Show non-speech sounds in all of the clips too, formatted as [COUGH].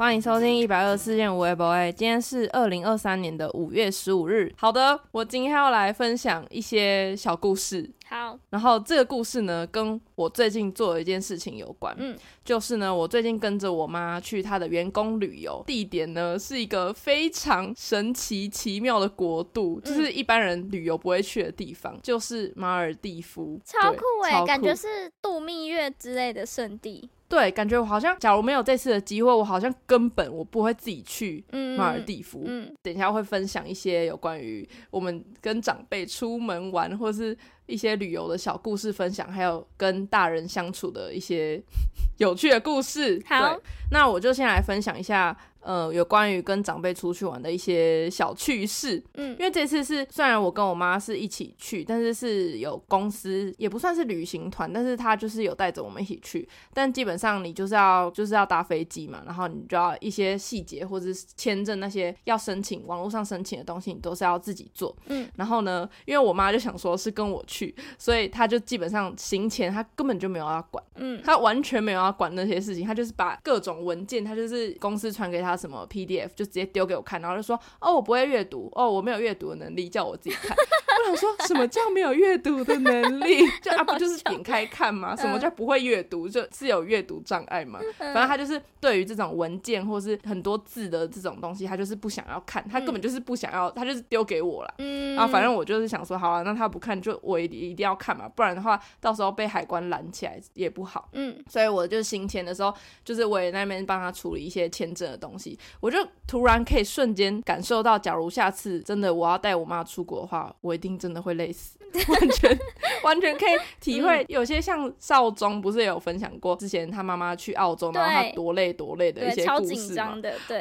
歡迎收聽一百二十四件 w e b o 哎，今天是二零二三年的五月十五日。好的，我今天要來分享一些小故事。好，然後這個故事呢，跟我最近做的一件事情有關。嗯，就是呢，我最近跟着我媽去她的員工旅遊，地點呢是一個非常神奇奇妙的國度，嗯、就是一般人旅遊不會去的地方，就是馬爾地夫，超，超酷哎，感覺是度蜜月之類的聖地。對，感覺我好像，假如沒有這次的機會，我好像根本我不會自己去馬爾地夫。嗯嗯。等一下我會分享一些有關於我們跟長輩出門玩，或是。一些旅遊的小故事分享，還有跟大人相處的一些有趣的故事。好，那我就先來分享一下，呃，有關於跟長輩出去玩的一些小趣事。嗯，因為這次是雖然我跟我媽是一起去，但是是有公司，也不算是旅行團，但是她就是有帶着我們一起去。但基本上你就是要就是要搭飛機嘛，然後你就要一些細節或者是簽證那些要申請，網絡上申請的東西，你都是要自己做。嗯，然後呢，因為我媽就想說是跟我去。去，所以他就基本上行前，他根本就沒有要管，嗯，他完全沒有要管那些事情，他就是把各種文件，他就是公司傳給他什麼 PDF，就直接丟給我看，然後就說，哦，我不會閱讀，哦，我沒有閱讀的能力，叫我自己看。 [LAUGHS] 我想說什麼叫沒有閱讀的能力？就啊不就是點開看嗎？什麼叫不會閱讀？就是有閱讀障礙嘛。反正他就是對於這種文件或是很多字的這種東西，他就是不想要看，他根本就是不想要，嗯、他就是丟給我了。嗯，然後反正我就是想說，好啊，那他不看就我一定一定要看嘛，不然的話到時候被海關攔起來也不好。嗯，所以我就行前的時候，就是我也那邊幫他處理一些簽證的東西，我就突然可以瞬間感受到，假如下次真的我要帶我媽出國的話，我一定。真的會累死，完全 [LAUGHS] 完全可以體會。有些像少宗不是有分享過之前他媽媽去澳洲，然後他多累多累的一些故事嗎？對，對，超緊張的，對，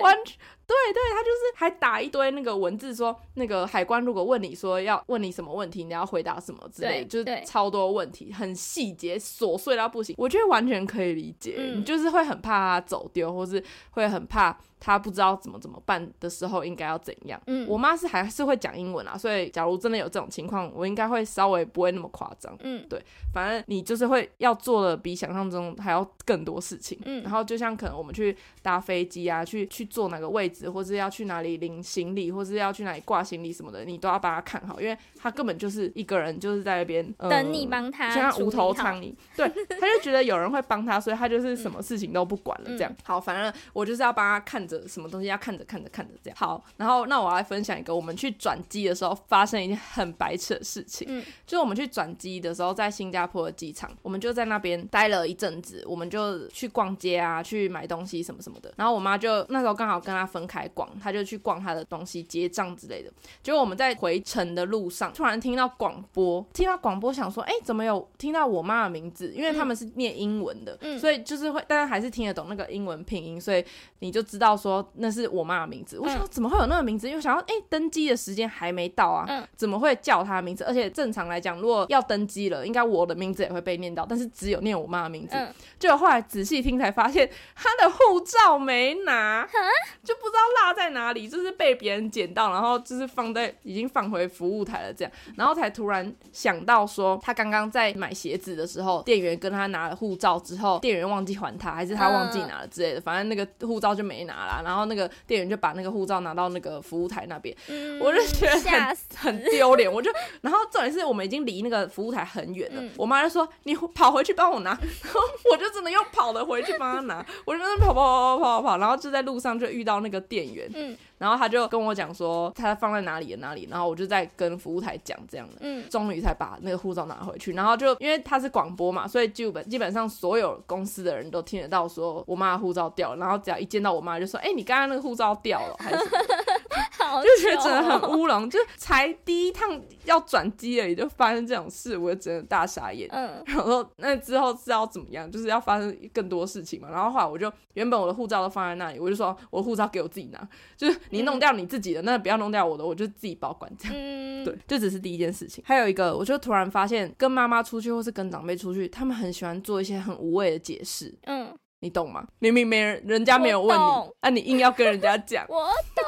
對對，他就是還打一堆那個文字說，那個海關如果問你說要問你什麼問題，你要回答什麼之類的，對對，就是超多問題，很細節瑣碎到不行。我覺得完全可以理解，嗯、你就是會很怕他走丟，或是會很怕他不知道怎麼怎麼辦的時候應該要怎樣。嗯，我媽是還是會講英文啊，所以假如真的有這種情況，我應該會稍微不會那麼誇張。嗯，對，反正你就是會要做的比想象中還要更多事情。嗯，然後就像可能我們去搭飛機啊，去去坐哪個位置。或者要去哪裡領行李，或是要去哪裡掛行李什麼的，你都要幫他看好，因為他根本就是一個人，就是在那邊、嗯嗯、等你幫他，像無頭蒼蠅， [LAUGHS] 對，他就覺得有人會幫他，所以他就是什麼事情都不管了、嗯、這樣、嗯。好，反正我就是要幫他看着什麼東西，要看着看着看着這樣。好，然後那我要來分享一個我們去轉機的時候發生一件很白痴的事情，嗯、就是我們去轉機的時候，在新加坡的機場，我們就在那邊待了一陣子，我們就去逛街啊，去買東西什麼什麼的。然後我媽就那時候剛好跟她分。開逛，他就去逛他的東西、結賬之類的。結果我們在回程的路上，突然聽到廣播，聽到廣播想說：“哎、欸，怎麼有聽到我媽的名字？因為他們是念英文的，嗯、所以就是會，但是還是聽得懂那個英文拼音，所以你就知道說那是我媽的名字。我想說怎麼會有那個名字？因為我想要哎、欸，登機的時間還沒到啊，怎麼會叫他的名字？而且正常來講，如果要登機了，應該我的名字也會被念到，但是只有念我媽的名字。就、嗯、後來仔細聽才發現，他的護照沒拿，啊、就不知道。護照落在哪裡？就是被別人撿到，然後就是放在已經放回服務台了，這樣，然後才突然想到說，他剛剛在買鞋子的時候，店員跟他拿了護照之後，店員忘記還他，還是他忘記拿了之類的，呃、反正那個護照就沒拿了，然後那個店員就把那個護照拿到那個服務台那邊，嗯、我就覺得很死很丟臉，我就，然後重點是我們已經離那個服務台很遠了，嗯、我媽就說你跑回去幫我拿，然後我就只能又跑了回去幫他拿，我就在那跑跑跑跑跑跑，然後就在路上就遇到那個。店員，嗯，然後他就跟我講說他放在哪裡哪裡，然後我就在跟服務台講這樣的，嗯，終於才把那個護照拿回去。然後就因為他是廣播嘛，所以基本基本上所有公司的人都聽得到說我媽的護照掉了。然後只要一見到我媽就說，哎、欸，你剛剛那個護照掉了還，還是？就覺得真的很烏龍，哦、就是才第一趟要轉機而已，就發生這種事，我也真的大傻眼。嗯，然後那之後是要怎麼樣？就是要發生更多事情嘛。然後後來我就原本我的護照都放在那裡，我就說我護照給我自己拿，就是你弄掉你自己的，嗯、那不要弄掉我的，我就自己保管這樣。嗯，對，這只是第一件事情。還有一個，我就突然發現跟媽媽出去或是跟長輩出去，他們很喜歡做一些很無謂的解釋。嗯。你懂嗎？明明沒人，人家沒有問你，那懂、啊、你硬要跟人家講。 [LAUGHS] 我懂，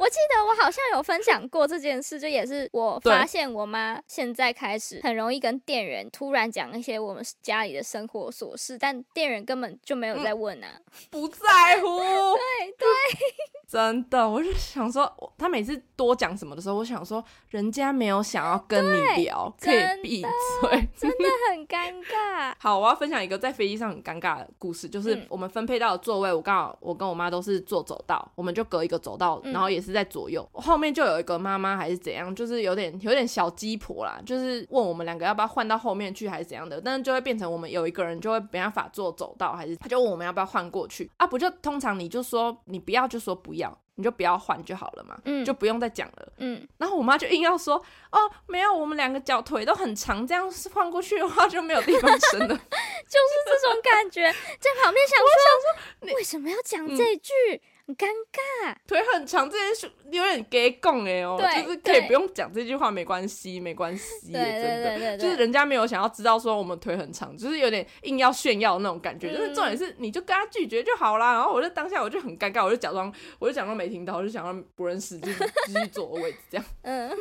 我記得我好像有分享過這件事，就也是我發現我媽現在開始很容易跟店員突然講一些我們家裡的生活的瑣事，但店員根本就沒有在問啊，嗯、不在乎。對 [LAUGHS] 對，對真的，我就想說，他每次多講什麼的時候，我想說人家沒有想要跟你聊，可以閉嘴，真的, [LAUGHS] 真的很尷尬。好，我要分享一個在飛機上很尷尬的故事，就是我們分配到的座位，我剛好我跟我媽都是坐走道，我們就隔一個走道，然後也是在左右後面就有一個媽媽還是怎樣，就是有點有點小雞婆啦，就是問我們兩個要不要換到後面去還是怎樣的，但是就會變成我們有一個人就會沒辦法坐走道，還是他就問我們要不要換過去啊？不就通常你就說你不要就說不要。你就不要換就好了嘛，嗯、就不用再講了。嗯，然後我媽就硬要說，哦，沒有，我們兩個腳腿都很長，這樣換過去的話就沒有地方伸了。 [LAUGHS] 就是這種感覺， [LAUGHS] 在旁邊想說，想說為什麼要講這句？嗯很尷尬，腿很長這件事有點 gay 哎哦，對就是可以不用講這句話沒，沒關係，沒關係，真的，就是人家沒有想要知道說我們腿很長，就是有點硬要炫耀的那種感覺。嗯、就是重點是，你就跟他拒絕就好啦。然後我就當下我就很尷尬，我就假裝，我就假裝沒聽到，我就假裝不認識就續繼續位置這樣。 [LAUGHS] 嗯， [LAUGHS]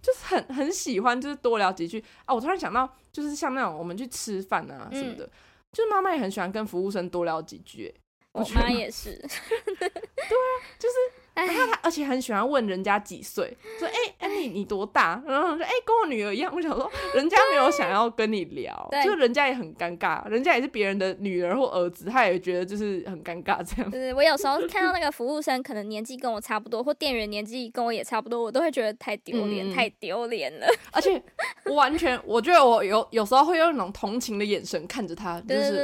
就是很很喜歡，就是多聊幾句啊。我突然想到，就是像那種我們去吃飯啊什麼的，嗯、就是媽媽也很喜歡跟服務生多聊幾句。我媽也是， [LAUGHS] 對啊，就是，然後她而且很喜歡問人家幾歲，說哎。你多大？然後說哎、欸，跟我女兒一樣。我想說，人家沒有想要跟你聊，就是人家也很尷尬，人家也是別人的女兒或兒子，他也覺得就是很尷尬這樣子。我有時候看到那個服務生，可能年紀跟我差不多， [LAUGHS] 或店員年紀跟我也差不多，我都會覺得太丟臉，嗯、太丟臉了。而且，我完全，我覺得我有有時候會用一種同情的眼神看着他，對對對，就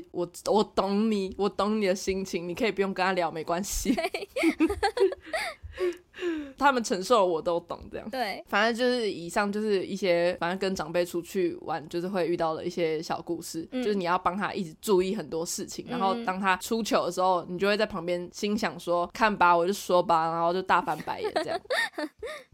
是我我我懂你，我懂你的心情，你可以不用跟他聊，沒關係。對 [LAUGHS] [LAUGHS] 他們承受的我都懂，這樣。對，反正就是以上就是一些，反正跟長輩出去玩就是會遇到的一些小故事，嗯、就是你要幫他一直注意很多事情，嗯、然後當他出糗的時候，你就會在旁邊心想說，看吧，我就說吧，然後就大翻白眼這樣。 [LAUGHS]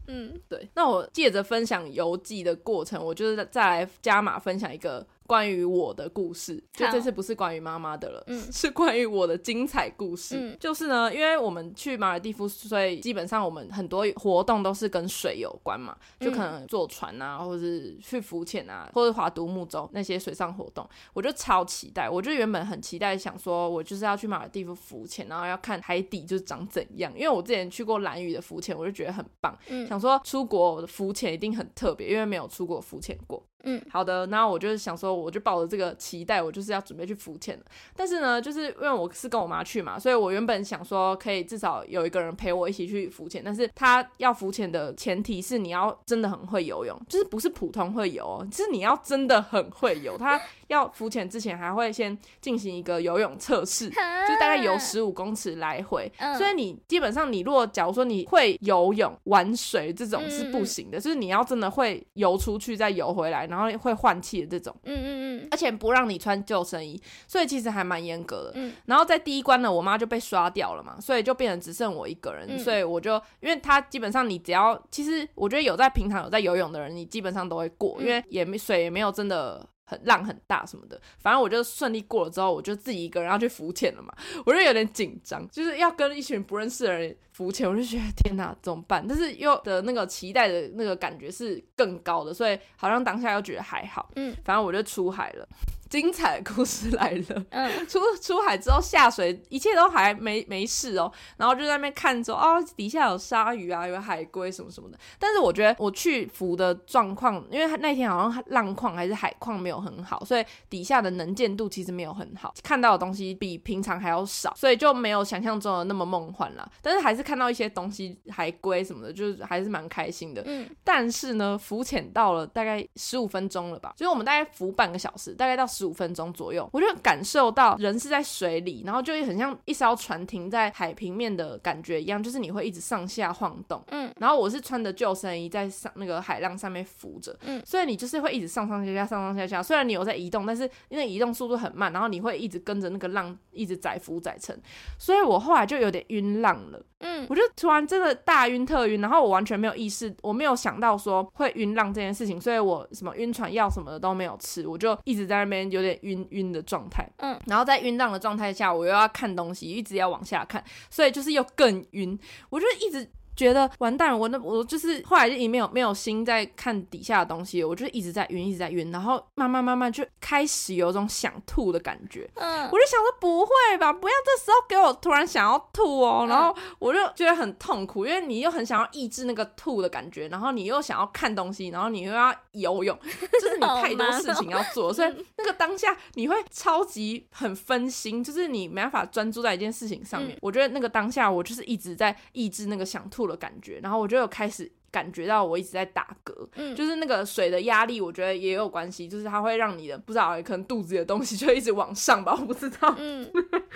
嗯，對。那我借着分享遊記的過程，我就是再來加碼分享一個關於我的故事，好就這次不是關於媽媽的了，嗯、是關於我的精彩故事。嗯、就是呢，因為我們去馬爾地夫，所以基本上。我們很多活動都是跟水有關嘛，就可能坐船啊，或者是去浮潛啊，或者划獨木舟那些水上活動，我就超期待。我就原本很期待，想說我就是要去馬爾地夫浮潛，然後要看海底就是長怎樣。因為我之前去過蘭嶼的浮潛，我就覺得很棒。嗯，想說出國浮潛一定很特別，因為沒有出國浮潛過。嗯，好的。那我就是想說，我就抱着這個期待，我就是要準備去浮潛。但是呢，就是因為我是跟我媽去嘛，所以我原本想說，可以至少有一個人陪我一起去浮潛。但是她要浮潛的前提是，你要真的很會游泳，就是不是普通會游，就是你要真的很會游。她要浮潛之前還會先進行一個游泳測試，就是、大概游十五公尺來回。所以你基本上，你如果假如說你會游泳、玩水這種是不行的，嗯、就是你要真的會游出去再游回來。然後會換氣的這種，嗯嗯嗯，而且不讓你穿救生衣，所以其實還蠻嚴格的。然後在第一關呢，我媽就被刷掉了嘛，所以就變成只剩我一個人，所以我就，因為她基本上你只要，其實我覺得有在平常有在游泳的人，你基本上都會過，因為也沒水也沒有真的。很浪很大什麼的，反正我就順利過了之後，我就自己一個人要去浮潛了嘛，我就有點緊張，就是要跟一群不認識的人浮潛，我就覺得天哪，怎麼辦？但是又的那個期待的那個感覺是更高的，所以好像當下又覺得還好，嗯，反正我就出海了。嗯精彩的故事來了！嗯、出出海之後下水，一切都還沒沒事哦、喔。然後就在那邊看，着，哦，底下有鯊魚啊，有海龜什麼什麼的。但是我覺得我去浮的狀況，因為那天好像浪況還是海況沒有很好，所以底下的能見度其實沒有很好，看到的東西比平常還要少，所以就沒有想象中的那麼夢幻了。但是還是看到一些東西，海龜什麼的，就是還是蠻開心的。嗯，但是呢，浮潛到了大概十五分鐘了吧，所以我們大概浮半個小時，大概到。十五分鐘左右，我就感受到人是在水裡，然後就會很像一艘船停在海平面的感覺一樣，就是你會一直上下晃動，嗯，然後我是穿着救生衣在上那個海浪上面浮着，嗯，所以你就是會一直上上下下上上下下，雖然你有在移動，但是因為移動速度很慢，然後你會一直跟着那個浪一直載浮載沉，所以我後來就有點暈浪了，嗯，我就突然真的大暈特暈，然後我完全沒有意識，我沒有想到說會暈浪這件事情，所以我什麼暈船藥什麼的都沒有吃，我就一直在那邊。有點暈暈的狀態，嗯，然後在暈浪的狀態下，我又要看東西，一直要往下看，所以就是又更暈，我就一直。覺得完蛋，我那我就是後來就沒有沒有心在看底下的東西，我就一直在暈，一直在暈，然後慢慢慢慢就開始有種想吐的感覺。嗯，我就想說不會吧，不要這時候給我突然想要吐哦。然後我就覺得很痛苦，因為你又很想要抑制那個吐的感覺，然後你又想要看東西，然後你又要游泳，就是你太多事情要做，所以那個當下你會超級很分心，就是你沒辦法專注在一件事情上面。嗯，我覺得那個當下我就是一直在抑制那個想吐的感覺的感覺，然後我就有開始感覺到我一直在打嗝，嗯，就是那個水的壓力，我覺得也有關係，就是它會讓你的不知道，可能肚子的東西就一直往上吧，我不知道，嗯，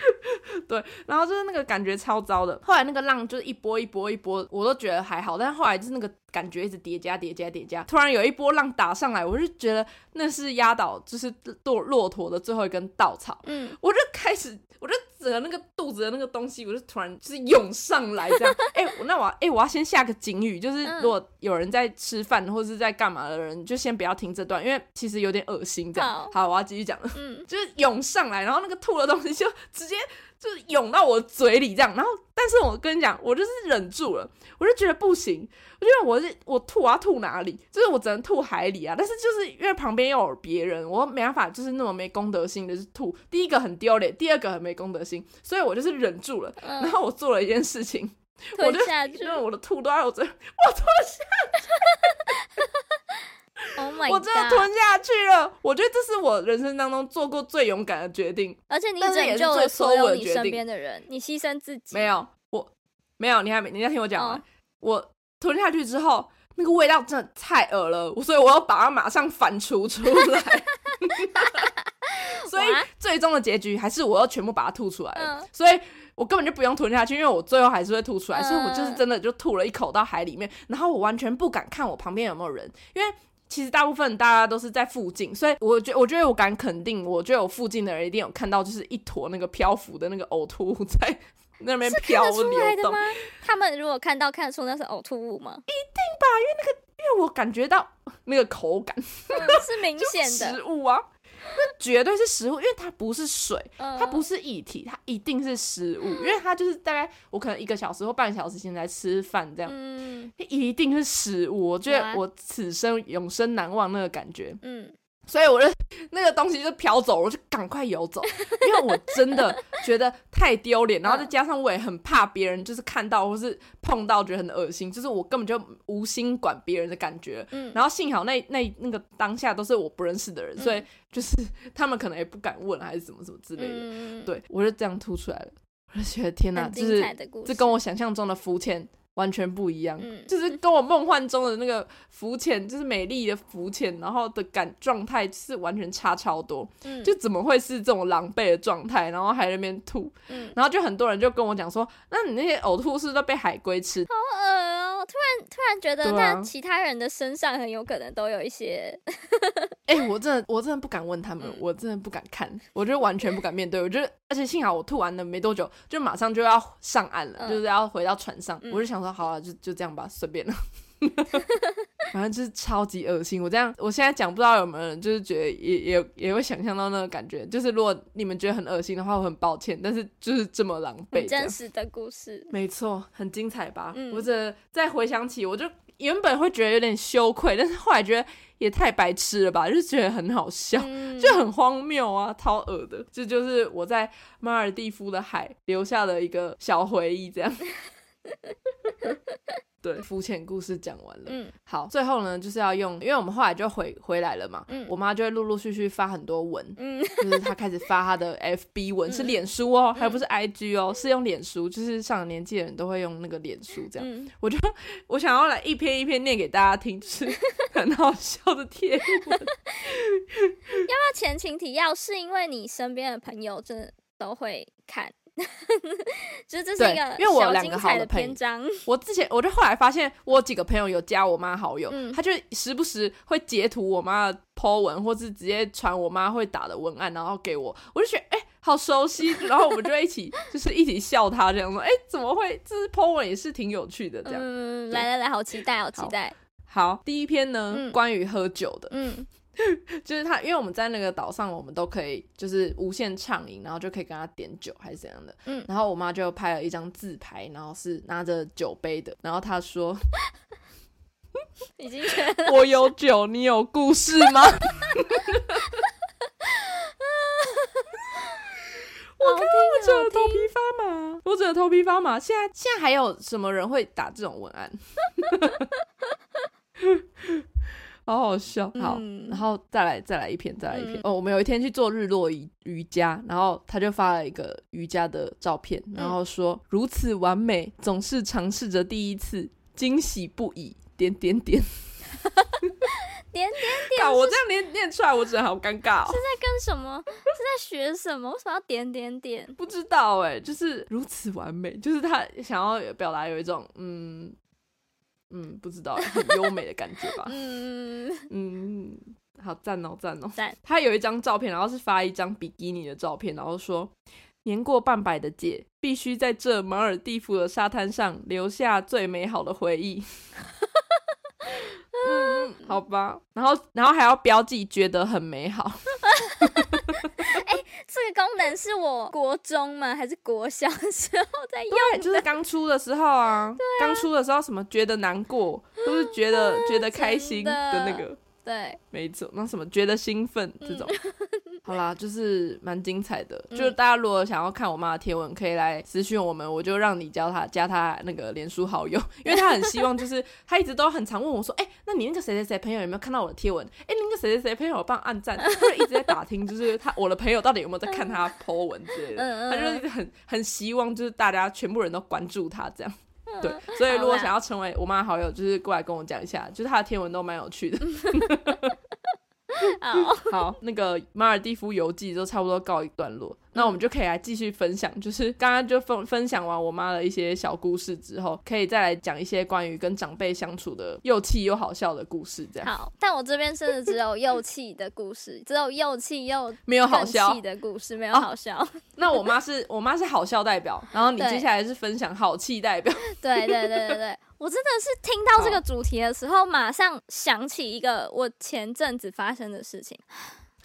[LAUGHS] 對，然後就是那個感覺超糟的，後來那個浪就是一波一波一波，我都覺得還好，但是後來就是那個感覺一直疊加疊加疊加，突然有一波浪打上來，我就覺得那是壓倒就是駱駱駝的最後一根稻草，嗯，我就開始我就。整個那個肚子的那個東西，我就突然就是湧上來，這樣。哎、欸，我那我哎、欸，我要先下個警語，就是如果有人在吃飯或者是在幹嘛的人，就先不要聽這段，因為其實有點噁心這樣。好，好，我要繼續講了，嗯，就是湧上來，然後那個吐的東西就直接。就是湧到我嘴裡這樣，然後，但是我跟你講，我就是忍住了，我就覺得不行，我覺得我是我吐啊吐哪裡，就是我只能吐海裡啊，但是就是因為旁邊又有別人，我沒辦法，就是那麼沒公德心的就是吐，第一個很丟臉，第二個很沒公德心，所以我就是忍住了，嗯、然後我做了一件事情，我就因為我的吐都在我嘴，我吞下去了 [LAUGHS] Oh my God，我真的吞下去了，我覺得這是我人生當中做過最勇敢的決定，而且你一直拯救了所有你身邊的人，是是的決定，你犧牲自己沒有？我沒有，你還沒，你要聽我講啊！哦，我吞下去之後，那個味道真的太惡了，所以我要把它馬上反芻出來。 [LAUGHS] [LAUGHS] 所以最終的結局還是我要全部把它吐出來了，哇所以我根本就不用吞下去，因為我最後還是會吐出來，嗯，所以我就是真的就吐了一口到海裡面，然後我完全不敢看我旁邊有沒有人，因為。其實大部分大家都是在附近，所以，我覺我覺得我敢肯定，我就有附近的人一定有看到，就是一坨那個漂浮的那個嘔吐物在那邊飄出來的嗎？動他們如果看到，看得出那是嘔吐物嗎？一定吧，因為那個，因為我感覺到那個口感、嗯、是明顯的 [LAUGHS] 食物啊。 [LAUGHS] 那絕對是食物，因為它不是水，它不是液體，它一定是食物，嗯、因為它就是大概我可能一個小時或半個小時前在吃飯這樣，嗯、一定是食物，我覺得我此生永生難忘那個感覺，嗯。嗯所以我就那個東西就飄走了，我就趕快游走，因為我真的覺得太丟臉， [LAUGHS] 然後再加上我也很怕別人就是看到或是碰到，覺得很噁心，就是我根本就無心管別人的感覺。嗯、然後幸好那那那個當下都是我不認識的人，嗯、所以就是他們可能也不敢問還是什麼什麼之類的。嗯、對，我就這樣吐出來了，我就覺得天哪，就是這、就是、跟我想象中的浮潛完全不一樣，就是跟我夢幻中的那個浮潛，就是美麗的浮潛，然後的感狀態是完全差超多，就怎麼會是這種狼狽的狀態，然後還在那邊吐，然後就很多人就跟我講說，那你那些嘔吐是不是都被海龜吃？好噁我突然，突然覺得，在其他人的身上很有可能都有一些、啊。哎、 [LAUGHS] 欸，我真的，我真的不敢問他們，嗯、我真的不敢看，我就完全不敢面對。我覺得，而且幸好我吐完了沒多久，就馬上就要上岸了，嗯、就是要回到船上。我就想說，好了、啊，就就這樣吧，隨便了。嗯 [LAUGHS] [LAUGHS] 反正就是超級噁心。我這樣，我現在講不知道有沒有人就是覺得也也也會想象到那個感覺。就是如果你們覺得很噁心的話，我很抱歉。但是就是這麼狼狽，真實的故事，沒錯，很精彩吧？嗯、我這再回想起，我就原本會覺得有點羞愧，但是後來覺得也太白痴了吧？就是覺得很好笑，嗯、就很荒謬啊，超噁的。這就，就是我在馬爾地夫的海留下的一個小回憶，這樣。嗯 [LAUGHS] 對，浮潛故事講完了。嗯，好，最後呢，就是要用，因為我們後來就回回來了嘛。嗯，我媽就會陸陸續續發很多文，嗯，就是她開始發她的 FB 文，嗯、是臉書哦，還不是 IG 哦，嗯、是用臉書，就是上了年紀的人都會用那個臉書，這樣。嗯、我就我想要來一篇一篇念給大家聽，就是很好笑的貼文。 [LAUGHS] 要不要前情提要？是因為你身邊的朋友真的都會看。 [LAUGHS] 就是這是一個，因為我有兩個好的篇章。我之前我就後來發現，我幾個朋友有加我媽好友，嗯、他就時不時會截圖我媽的 po 文，或是直接傳我媽會打的文案，然後給我，我就覺得哎、欸，好熟悉。然後我們就一起 [LAUGHS] 就是一起笑他這樣說，哎、欸，怎麼會？這是 po 文也是挺有趣的，這樣、嗯。來來來，好期待，好期待。好，好，第一篇呢，嗯、關於喝酒的，嗯。 [LAUGHS] 就是他，因為我們在那個島上，我們都可以就是無限暢飲，然後就可以跟他點酒還是怎樣的。嗯，然後我媽就拍了一張自拍，然後是拿着酒杯的。然後他說：“ [LAUGHS] 我有酒，你有故事嗎？”我看我整個頭皮發麻，我整個頭皮發麻。現在現在還有什麼人會打這種文案？ [LAUGHS] 好好笑，好，嗯、然後再來再來一篇，再來一篇。哦、嗯，oh, 我們有一天去做日落瑜瑜伽，然後他就發了一個瑜伽的照片，然後說、嗯、如此完美，總是嘗試着第一次，驚喜不已，點點點， [LAUGHS] 點點點。啊，我這樣念是念出來，我只得好尷尬、哦。是在跟什麼？是在學什麼？為什麼要點點點？不知道哎，就是如此完美，就是他想要表達有一種嗯。嗯，不知道，很優美的感覺吧？ [LAUGHS] 嗯，嗯，好讚哦，讚哦讚他有一張照片，然後是發一張比基尼的照片，然後說年過半百的姐必須在這馬爾地夫的沙灘上留下最美好的回憶。 [LAUGHS] 嗯，好吧，然後然後還要標記覺得很美好。 [LAUGHS] 這個功能是我國中嗎？還是國小的時候在用的？對，就是剛出的時候啊，啊剛出的時候什麼覺得難過，都是覺得、啊、覺得開心的那個，對，沒錯，那什麼覺得興奮這種。嗯對好啦，就是蠻精彩的。就是大家如果想要看我媽的貼文，可以來私訊我們，我就讓你教他加他那個臉書好友，因為他很希望，就是他一直都很常問我說：“哎、 [LAUGHS] 欸，那你那個誰誰誰朋友有沒有看到我的貼文？”哎、欸，那個誰誰誰朋友幫我按讚，他就一直在打聽，就是他我的朋友到底有沒有在看他的 po 文之類的，他就是很很希望就是大家全部人都關注他這樣。對，所以如果想要成為我媽的好友，就是過來跟我講一下，就是他的貼文都蠻有趣的。 [LAUGHS] Oh. 好，那個馬爾地夫遊記就差不多告一段落，嗯、那我們就可以來繼續分享，就是剛剛就分分享完我媽的一些小故事之後，可以再來講一些關於跟長輩相處的又氣又好笑的故事，這樣。好，但我這邊真的只有又氣的故事，只有又氣又沒有好笑的故事，沒有好笑。 [LAUGHS] 啊、那我媽是我媽是好笑代表，然後你接下來是分享好氣代表，對,對對對對對。我真的是聽到這個主題的時候，好馬上想起一個我前陣子發生的事情。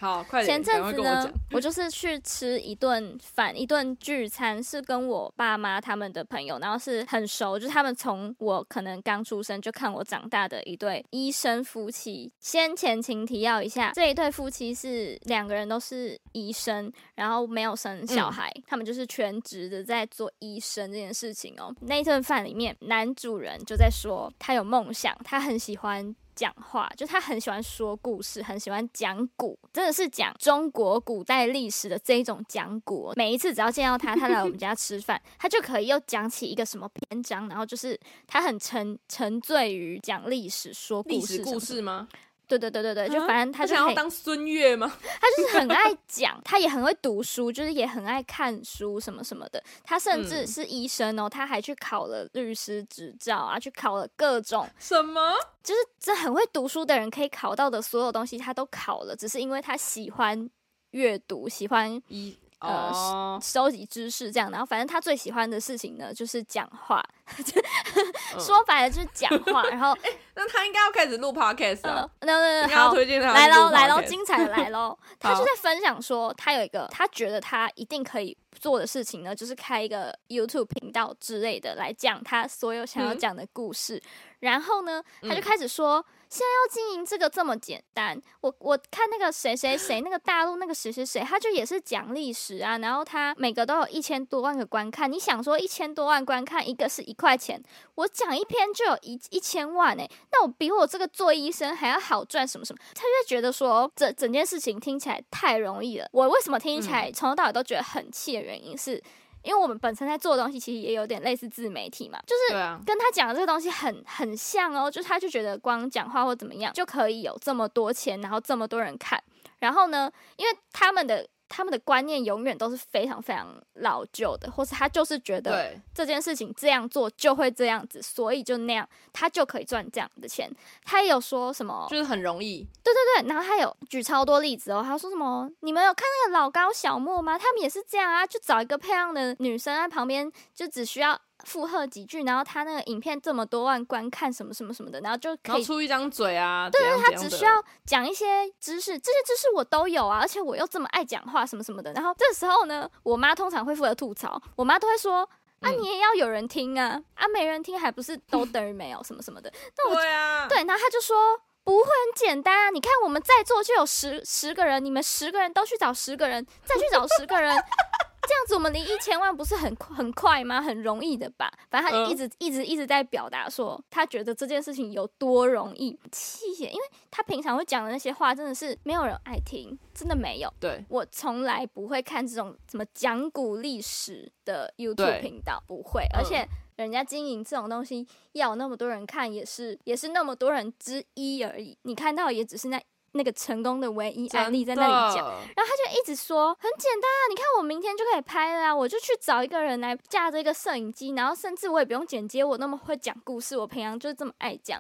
好，快點。前陣子呢，我，我就是去吃一頓飯，一頓聚餐，是跟我爸媽他們的朋友，然後是很熟，就是他們從我可能剛出生就看我長大的一對醫生夫妻。先前情提要一下，這一對夫妻是兩個人都是醫生，然後沒有生小孩，嗯、他們就是全職的在做醫生這件事情哦。那一頓飯裡面，男主人就在說他有夢想，他很喜歡。講話就他很喜歡說故事，很喜歡講古，真的是講中國古代歷史的這一種講古。每一次只要見到他，他來我們家吃飯， [LAUGHS] 他就可以又講起一個什麼篇章，然後就是他很沉沉醉於講歷史、說故事、歷史故事嗎？對對對對對，就反正他就是、啊、當孫越 [LAUGHS] 他就是很愛講，他也很會讀書，就是也很愛看書什麼什麼的。他甚至是醫生哦，他還去考了律師執照啊，去考了各種什麼，就是這很會讀書的人可以考到的所有東西，他都考了。只是因為他喜歡閱讀，喜歡醫 Oh. 呃，收集知識這樣，然後反正他最喜歡的事情呢，就是講話。 [LAUGHS] oh. [LAUGHS] 說白了就是講話。然後， [LAUGHS] 欸、那他應該要開始錄 Podcast 了。那好，推薦他來嘍，來嘍，精彩的來嘍！ [LAUGHS] 好他就在分享說，他有一個他覺得他一定可以做的事情呢，就是開一個 YouTube 頻道之類的，來講他所有想要講的故事。嗯、然後呢，他就開始說。嗯現在要經營這個這麼簡單，我我看那個誰誰誰，那個大陸那個誰誰誰，他就也是講歷史啊，然後他每個都有一千多萬個觀看，你想說一千多萬觀看一個是一塊錢，我講一篇就有一一千萬欸，那我比我這個做醫生還要好賺什麼什麼，他就覺得說整整件事情聽起來太容易了，我為什麼聽起來從頭到尾都覺得很氣的原因是。嗯因為我們本身在做的東西其實也有點類似自媒體嘛，就是跟他講的這個東西很很像哦，就是他就覺得光講話或怎麼樣就可以有這麼多錢，然後這麼多人看，然後呢，因為他們的。他們的觀念永遠都是非常非常老舊的，或是他就是覺得這件事情這樣做就會這樣子，對所以就那樣他就可以賺這樣的錢。他也有說什麼，就是很容易。對對對，然後他有舉超多例子哦。他說什麼，你們有看那個老高小莫嗎？他們也是這樣啊，就找一個漂亮的女生在旁邊，就只需要，附和幾句，然後他那個影片這麼多萬觀看，什麼什麼什麼的，然後就可以出一張嘴啊。對，怎樣怎樣的，他只需要講一些知識，這些知識我都有啊，而且我又這麼愛講話，什麼什麼的。然後這時候呢，我媽通常會負責吐槽，我媽都會說：“啊，你也要有人聽啊，嗯、啊，沒人聽還不是都等於沒有什麼什麼的。”那我對，啊，對，然後他就說：“不會很簡單啊，你看我們在座就有十十個人，你們十個人都去找十個人，再去找十個人。” [LAUGHS] [LAUGHS] 這樣子，我們離一千萬不是很很快嗎？很容易的吧。反正他就一直、嗯、一直一直在表達說，他覺得這件事情有多容易。氣也，因為他平常會講的那些話，真的是沒有人愛聽，真的沒有。對，我從來不會看這種什麼講古歷史的 YouTube 頻道，對，不會。而且人家經營這種東西要那麼多人看，也是也是那麼多人之一而已。你看到也只是那。那個成功的唯一案例在那裡講，然後他就一直說很簡單啊，你看我明天就可以拍了啊，我就去找一個人來架着一個攝影機，然後甚至我也不用剪接，我那麼會講故事，我平常就是這麼愛講，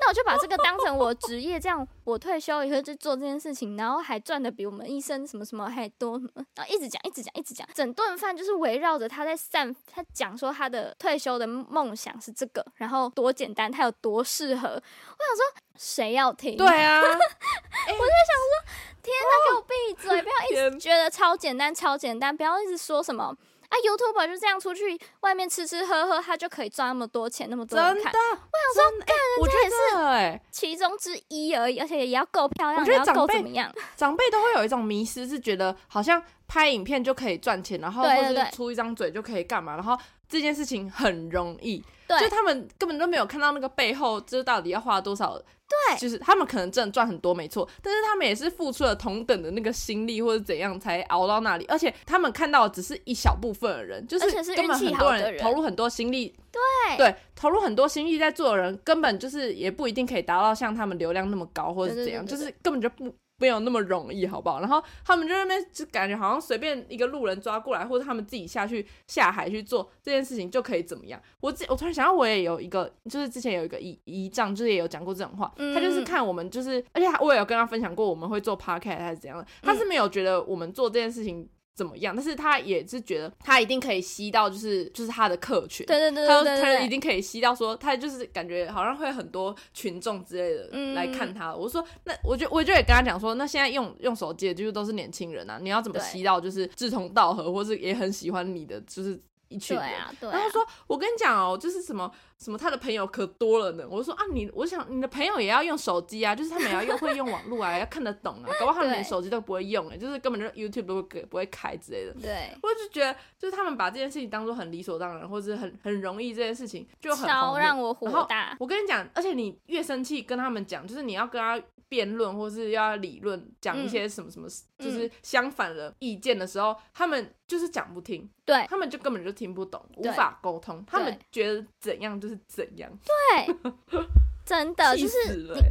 那我就把這個當成我職業這樣。我退休以後就做這件事情，然後還賺的比我們醫生什麼什麼還多什麼，然後一直講，一直講，一直講，整頓飯就是圍繞着他在散，他講說他的退休的夢想是這個，然後多簡單，他有多適合，我想說誰要聽？對啊， [LAUGHS] 欸、我就想說，天哪，給我閉嘴，哦、不要一直覺得超簡單，天超簡單，不要一直說什麼，啊，YouTuber 就這樣出去外面吃吃喝喝，他就可以賺那麼多錢，那麼多錢。真的，我想說，我覺得也是其中之一而已，欸、而且也要夠漂亮，我覺得長輩怎麼樣？長輩都會有一種迷思，是覺得好像拍影片就可以賺錢，然後或者是出一張嘴就可以幹嘛，對對對，然後這件事情很容易。對就他們根本都沒有看到那個背後，就是到底要花多少？對，就是他們可能真的賺很多，沒錯，但是他們也是付出了同等的那個心力或者怎樣才熬到那裡。而且他們看到的只是一小部分的人，就是根本很多人投入很多心力，對對，投入很多心力在做的人，根本就是也不一定可以達到像他們流量那麼高，或者怎樣，對對對對對，就是根本就不。沒有那麼容易，好不好？然後他們就那邊就感覺好像隨便一個路人抓過來，或者他們自己下去下海去做這件事情就可以怎麼樣？我自己我突然想到，我也有一個，就是之前有一個姨姨丈，就是也有講過這種話，他就是看我們就是，嗯、而且我也有跟他分享過，我們會做 podcast 還是怎樣的，他是沒有覺得我們做這件事情。怎麼樣？但是他也是覺得他一定可以吸到，就是就是他的客群，對對對，對，他說他一定可以吸到，說他就是感覺好像會很多群眾之類的來看他。嗯、我說那我就我就也跟他講說，那現在用用手機的就是都是年輕人吶、啊，你要怎麼吸到就是志同道合，或是也很喜歡你的就是。一群人，對啊對啊，然後說，我跟你講哦，就是什麼什麼，他的朋友可多了呢。我就說啊你，你我想你的朋友也要用手機啊，就是他們也要用 [LAUGHS] 會用網絡啊，要看得懂啊，搞不好他們對你手機都不會用，欸，哎，就是根本就 YouTube 都不不會開之類的。對，我就覺得就是他們把這件事情當做很理所當然，或者很很容易這件事情就很讓我火大然後，我跟你講，而且你越生氣跟他們講，就是你要跟他。辯論或是要理論講一些什麼什麼，就是相反的意見的時候，嗯嗯、他們就是講不聽，對，他們就根本就聽不懂，對無法溝通，對他們覺得怎樣就是怎樣，對， [LAUGHS] 真的就是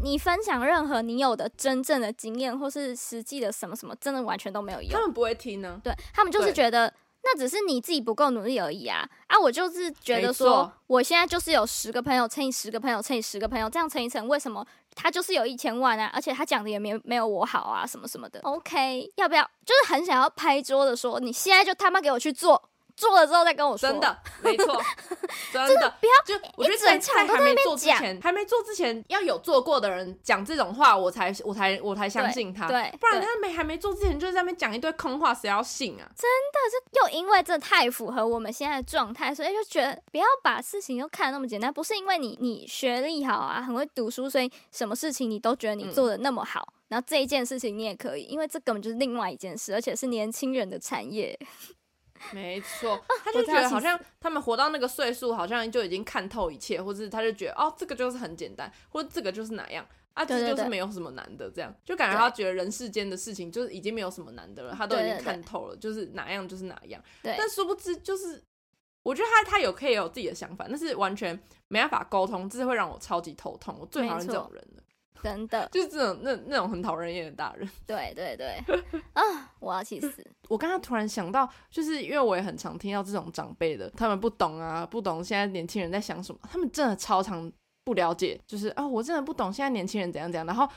你你分享任何你有的真正的經驗或是實際的什麼什麼，真的完全都沒有用，他們不會聽呢、啊，對，他們就是覺得。那只是你自己不夠努力而已啊！啊，我就是覺得說，我現在就是有十個朋友乘以十個朋友乘以十個朋友，這樣乘一乘，為什麼他就是有一千萬啊？而且他講的也沒沒有我好啊，什麼什麼的。OK，要不要？就是很想要拍桌的說，你現在就他媽給我去做！做了之後再跟我說，真的沒錯， [LAUGHS] 真的，真的不要，就我覺得在菜還沒做之前，還沒做之前要有做過的人講這種話，我才我才我才，我才相信他，對，對不然他沒對還沒做之前就在那邊講一堆空話，誰要信啊？真的是又，因為這太符合我們現在的狀態，所以就覺得不要把事情又看得那麼簡單。不是因為你你學歷好啊，很會讀書，所以什麼事情你都覺得你做的那麼好，嗯、然後這一件事情你也可以，因為這根本就是另外一件事，而且是年輕人的產業。沒錯，他就覺得好像他們活到那個歲數，好像就已經看透一切，或是他就覺得哦，這個就是很簡單，或者這個就是哪樣啊，這就是沒有什麼難的，這樣就感覺他覺得人世間的事情就是已經沒有什麼難的了，對對對，他都已經看透了，對對對，就是哪樣就是哪樣。對，對，但殊不知就是，我覺得他他有他可以有自己的想法，但是完全沒辦法溝通，這會讓我超級頭痛。我最討厭這種人了。真的就是這種那那種很討人厭的大人，對對對，啊、 [LAUGHS] 哦，我要氣死！我剛剛突然想到，就是因為我也很常聽到這種長輩的，他們不懂啊，不懂現在年輕人在想什麼，他們真的超常不了解，就是啊、哦，我真的不懂現在年輕人怎樣怎樣，然後。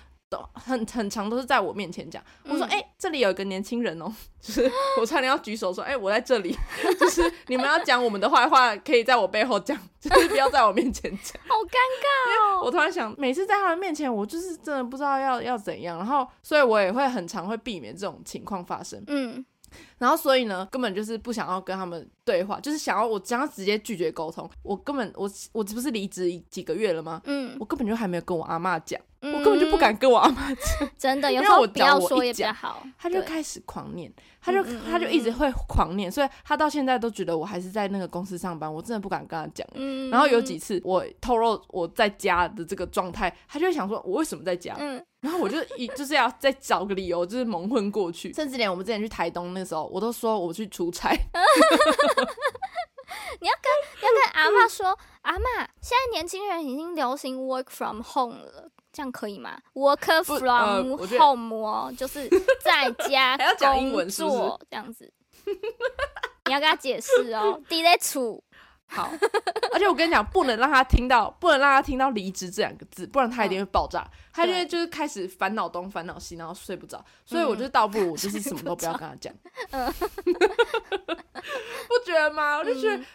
很很常都是在我面前講，我說哎、嗯欸，這裡有一個年輕人哦、喔，就是我差點要舉手說哎、欸，我在這裡，就是你們要講我們的壞話可以在我背後講，就是不要在我面前講，好尷尬。我突然想，每次在他們面前，我就是真的不知道要要怎樣，然後所以我也會很常會避免這種情況發生。嗯。然後所以呢，根本就是不想要跟他們對話，就是想要我只想要直接拒絕溝通。我根本我我這不是離職幾個月了嗎？嗯，我根本就還沒有跟我阿嬤講，嗯、我根本就不敢跟我阿嬤講。真的，有時候我，講我不要說也比較好。他就開始狂念，他就、嗯、他就一直會狂念，嗯嗯、所以他到現在都覺得我還是在那個公司上班。我真的不敢跟他講。嗯。然後有幾次我透露我在家的這個狀態，他就會想說我為什麼在家？嗯。然後我就一就是要再找個理由，就是蒙混過去。甚至連我們之前去台東那時候。我都說我去出差 [LAUGHS] ，你要跟你要跟阿嬤說， [LAUGHS] 阿嬤，現在年輕人已經流行 work from home 了，這樣可以嗎？Work from、呃、home、哦、就是在家工作是是這樣子， [LAUGHS] 你要跟他解釋哦，delete。在在 [LAUGHS] 好，而且我跟你講，不能讓他聽到，不能讓他聽到，“離職”這兩個字，不然他一定會爆炸。嗯、他就會就是開始煩惱東、煩惱西，然後睡不着。所以我就得倒不如、嗯、我就是什麼都不要跟他講，嗯、不， [LAUGHS] 不覺得嗎？我就覺得，嗯、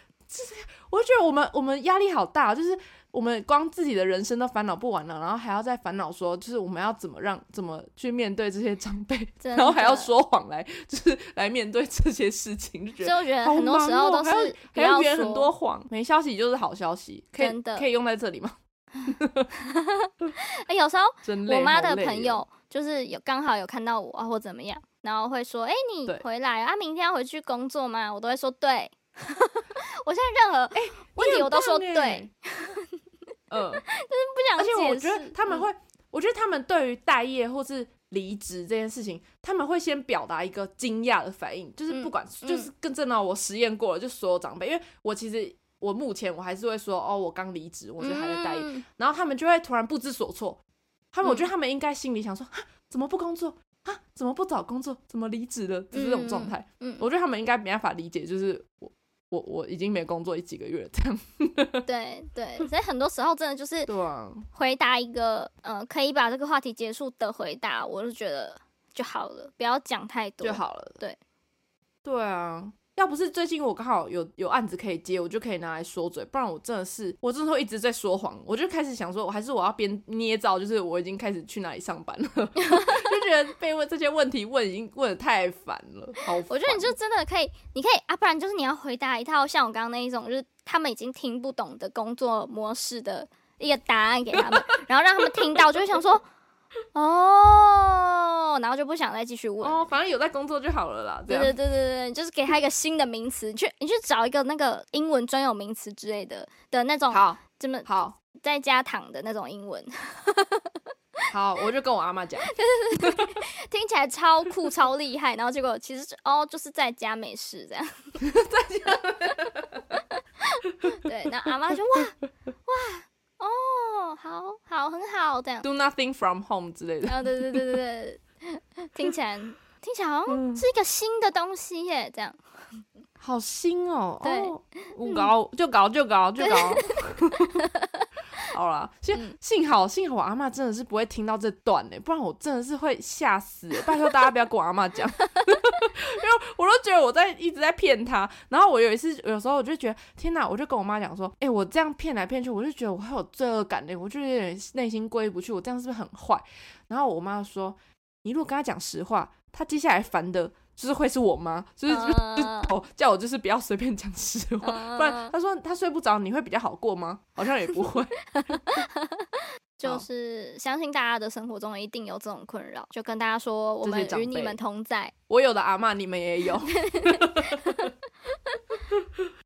我就覺得我們我們壓力好大，就是。我們光自己的人生都煩惱不完了，然後還要再煩惱說，就是我們要怎麼讓怎麼去面對這些長輩，的然後還要說謊來，就是來面對這些事情。就覺得，就覺得很多時候都是不要圓很多謊，沒消息就是好消息，可以真的可以用在這裡嗎？哎、 [LAUGHS] 欸，有時候我媽的朋友就是有剛好有看到我，啊，或怎麼樣，然後會說：“哎、欸，你回來對啊？明天要回去工作嗎？”我都會說：“對。” [LAUGHS] 我現在任何問題我都說對。欸 [LAUGHS] 嗯，就是不想。而且我覺得他們會，嗯、我覺得他們對於待業或是離職這件事情，他們會先表達一個驚訝的反應，就是不管，嗯嗯、就是更正到我實驗過了，就所有長輩，因為我其實我目前我還是會說，哦，我剛離職，我就還在待業，嗯、然後他們就會突然不知所措。他們我覺得他們應該心裡想說，嗯、啊，怎麼不工作啊？怎麼不找工作？怎麼離職了？就是這種狀態、嗯。嗯，我覺得他們應該沒辦法理解，就是我我已經沒工作一幾個月這樣對，對對，所以很多時候真的就是對，回答一個、啊、呃，可以把這個話題結束的回答，我就覺得就好了，不要講太多就好了，對對啊。要不是最近我剛好有有案子可以接，我就可以拿來說嘴，不然我真的是我這時候一直在說謊。我就開始想說，我還是我要編捏造，就是我已經開始去哪裡上班了， [LAUGHS] 就覺得被問這些問題問已經問得太煩了，好煩。我覺得你就真的可以，你可以啊，不然就是你要回答一套像我剛剛那一種，就是他們已經聽不懂的工作模式的一個答案給他們，然後讓他們聽到， [LAUGHS] 就會想說。哦，然後就不想再繼續問哦，反正有在工作就好了啦。對對對對對，就是給他一個新的名詞，你去你去找一個那個英文專有名詞之類的的那種，好怎麼好在家躺的那種英文。好，我就跟我阿媽講，對對 [LAUGHS] 聽起來超酷超厲害，然後結果其實哦，就是在家沒事這樣，在家。對，然後阿媽就哇哇。哦，oh, 好，好，很好，這樣。Do nothing from home 之類的。啊，對對對對對， [LAUGHS] 聽起來聽起來好、哦、像、嗯、是一個新的東西耶，這樣。好新哦。對，搞、哦嗯、就搞就搞就搞。 [LAUGHS] [LAUGHS] 好啦，幸幸好、嗯、幸好我阿媽真的是不會聽到這段的，不然我真的是會嚇死。拜托大家不要跟我阿媽講， [LAUGHS] [LAUGHS] 因為我都覺得我在一直在騙她。然後我有一次，有時候我就覺得天哪，我就跟我媽講說，哎、欸，我這樣騙來騙去，我就覺得我還有罪惡感的，我就有點內心過意不去，我這樣是不是很壞？然後我媽說，你如果跟她講實話，她接下來煩的。就是會是我嗎？就是、uh, 就是、叫我就是不要隨便講實話，uh, 不然他說他睡不着，你會比較好過嗎？好像也不會。 [LAUGHS] 就是、oh. 相信大家的生活中一定有這種困擾，就跟大家說，我們與你們同在。我有的阿嬤，你們也有。 [LAUGHS] [LAUGHS]